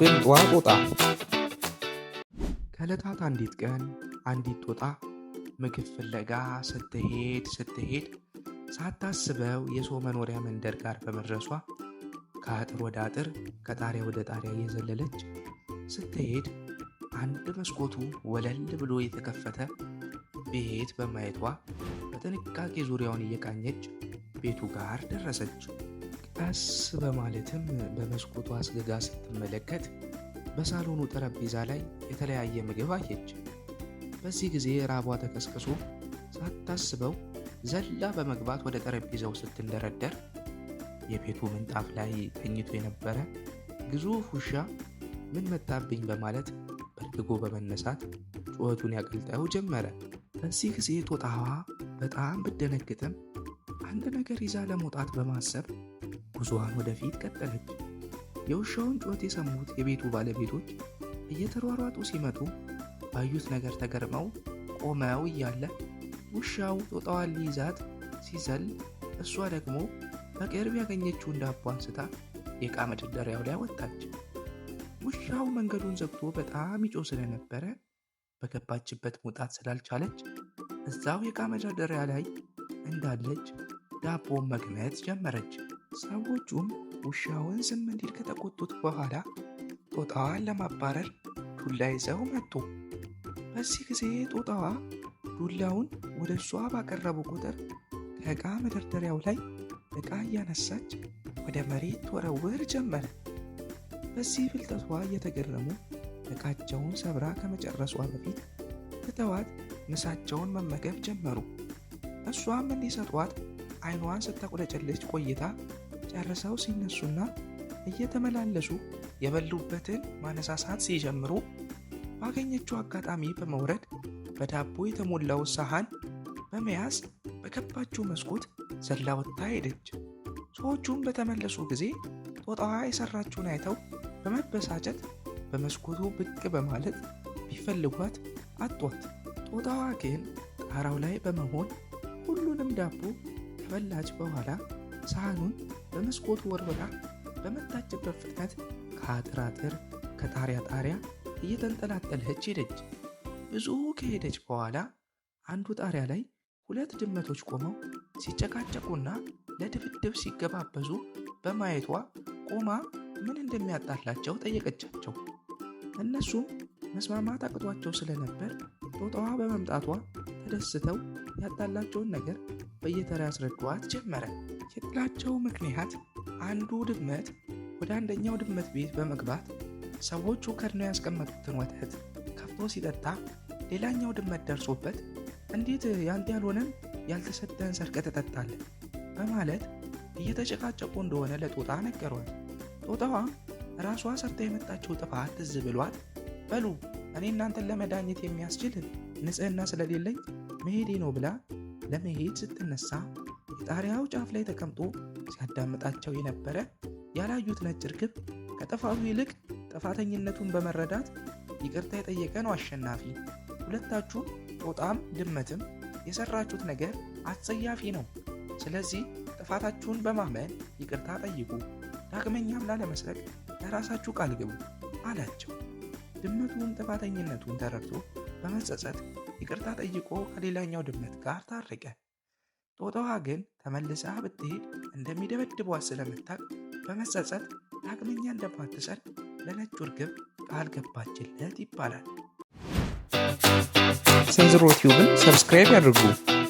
ክፍል ዋ ጦጣ። ከዕለታት አንዲት ቀን አንዲት ጦጣ ምግብ ፍለጋ ስትሄድ ስትሄድ ሳታስበው የሰው መኖሪያ መንደር ጋር በመድረሷ ከአጥር ወደ አጥር ከጣሪያ ወደ ጣሪያ እየዘለለች ስትሄድ አንድ መስኮቱ ወለል ብሎ የተከፈተ ቤት በማየቷ በጥንቃቄ ዙሪያውን እየቃኘች ቤቱ ጋር ደረሰች። ቀስ በማለትም በመስኮቱ አስገጋ ስትመለከት በሳሎኑ ጠረጴዛ ላይ የተለያየ ምግብ አየች። በዚህ ጊዜ ራቧ ተቀስቅሶ ሳታስበው ዘላ በመግባት ወደ ጠረጴዛው ስትንደረደር የቤቱ ምንጣፍ ላይ ተኝቶ የነበረ ግዙፍ ውሻ ምን መጣብኝ በማለት በርግጎ በመነሳት ጩኸቱን ያቀልጠው ጀመረ። በዚህ ጊዜ ጦጣዋ በጣም ብደነግጥም አንድ ነገር ይዛ ለመውጣት በማሰብ ጉዞዋን ወደፊት ቀጠለች። የውሻውን ጩኸት የሰሙት የቤቱ ባለቤቶች እየተሯሯጡ ሲመጡ ባዩት ነገር ተገርመው ቆመው እያለ ውሻው ጦጣዋን ሊይዛት ሲዘል እሷ ደግሞ በቅርብ ያገኘችውን ዳቦ አንስታ የቃ መደርደሪያው ላይ ወጣች። ውሻው መንገዱን ዘግቶ በጣም ይጮ ስለነበረ በገባችበት መውጣት ስላልቻለች እዛው የቃ መደርደሪያ ላይ እንዳለች ዳቦ መግመት ጀመረች። ሰዎቹም ውሻውን ዝም እንዲል ከተቆጡት በኋላ ጦጣዋን ለማባረር ዱላ ይዘው መጡ። በዚህ ጊዜ ጦጣዋ ዱላውን ወደ እሷ ባቀረቡ ቁጥር ከዕቃ መደርደሪያው ላይ ዕቃ እያነሳች ወደ መሬት ወረውር ጀመረ። በዚህ ብልጠቷ እየተገረሙ ዕቃቸውን ሰብራ ከመጨረሷ በፊት ትተዋት ምሳቸውን መመገብ ጀመሩ። እሷም እንዲሰጧት አይኗን ስታቁለጨለች ቆይታ ጨርሰው ሲነሱና እየተመላለሱ የበሉበትን ማነሳሳት ሲጀምሩ ባገኘችው አጋጣሚ በመውረድ በዳቦ የተሞላው ሳህን በመያዝ በገባችው መስኮት ዘላ ወጥታ ሄደች። ሰዎቹም በተመለሱ ጊዜ ጦጣዋ የሰራችውን አይተው በመበሳጨት በመስኮቱ ብቅ በማለት ቢፈልጓት አጧት። ጦጣዋ ግን ጣራው ላይ በመሆን ሁሉንም ዳቦ ከበላች በኋላ ሳህኑን በመስኮቱ ወርወራ በመታችበት ፍጥነት ከአጥር አጥር ከጣሪያ ጣሪያ እየተንጠላጠለች ሄደች። ብዙ ከሄደች በኋላ አንዱ ጣሪያ ላይ ሁለት ድመቶች ቆመው ሲጨቃጨቁና ለድብድብ ሲገባበዙ በማየቷ ቆማ ምን እንደሚያጣላቸው ጠየቀቻቸው። እነሱም መስማማት አቅቷቸው ስለነበር ጦጣዋ በመምጣቷ ተደስተው ያጣላቸውን ነገር በየተራ ያስረዷት ጀመረ። የጥላቸው ምክንያት አንዱ ድመት ወደ አንደኛው ድመት ቤት በመግባት ሰዎቹ ከድነው ያስቀመጡትን ወተት ከፍቶ ሲጠጣ ሌላኛው ድመት ደርሶበት እንዴት ያንተ ያልሆነን ያልተሰጠን ሰርቀ ትጠጣለህ በማለት እየተጨቃጨቁ እንደሆነ ለጦጣ ነገሯት። ጦጣዋ ራሷ ሰርታ የመጣችው ጥፋት ትዝ ብሏት፣ በሉ እኔ እናንተን ለመዳኘት የሚያስችል ንጽህና ስለሌለኝ መሄዴ ነው ብላ ለመሄድ ስትነሳ የጣሪያው ጫፍ ላይ ተቀምጦ ሲያዳምጣቸው የነበረ ያላዩት ነጭ እርግብ ከጥፋቱ ይልቅ ጥፋተኝነቱን በመረዳት ይቅርታ የጠየቀ ነው አሸናፊ። ሁለታችሁም ጦጣም ድመትም የሰራችሁት ነገር አጸያፊ ነው። ስለዚህ ጥፋታችሁን በማመን ይቅርታ ጠይቁ፣ ዳግመኛም ላለመስረቅ ለራሳችሁ ቃል ግቡ አላቸው። ድመቱን ጥፋተኝነቱን ተረድቶ በመጸጸት ይቅርታ ጠይቆ ከሌላኛው ድመት ጋር ታረቀ። ጦጣዋ ግን ተመልሳ ብትሄድ እንደሚደበድቧት ስለምታቅ በመጸጸት ዳግመኛ እንደማትሰር ለነጩ እርግብ ቃል ገባችለት ይባላል። ስንዝሮ ቲዩብን ሰብስክራይብ ያድርጉ።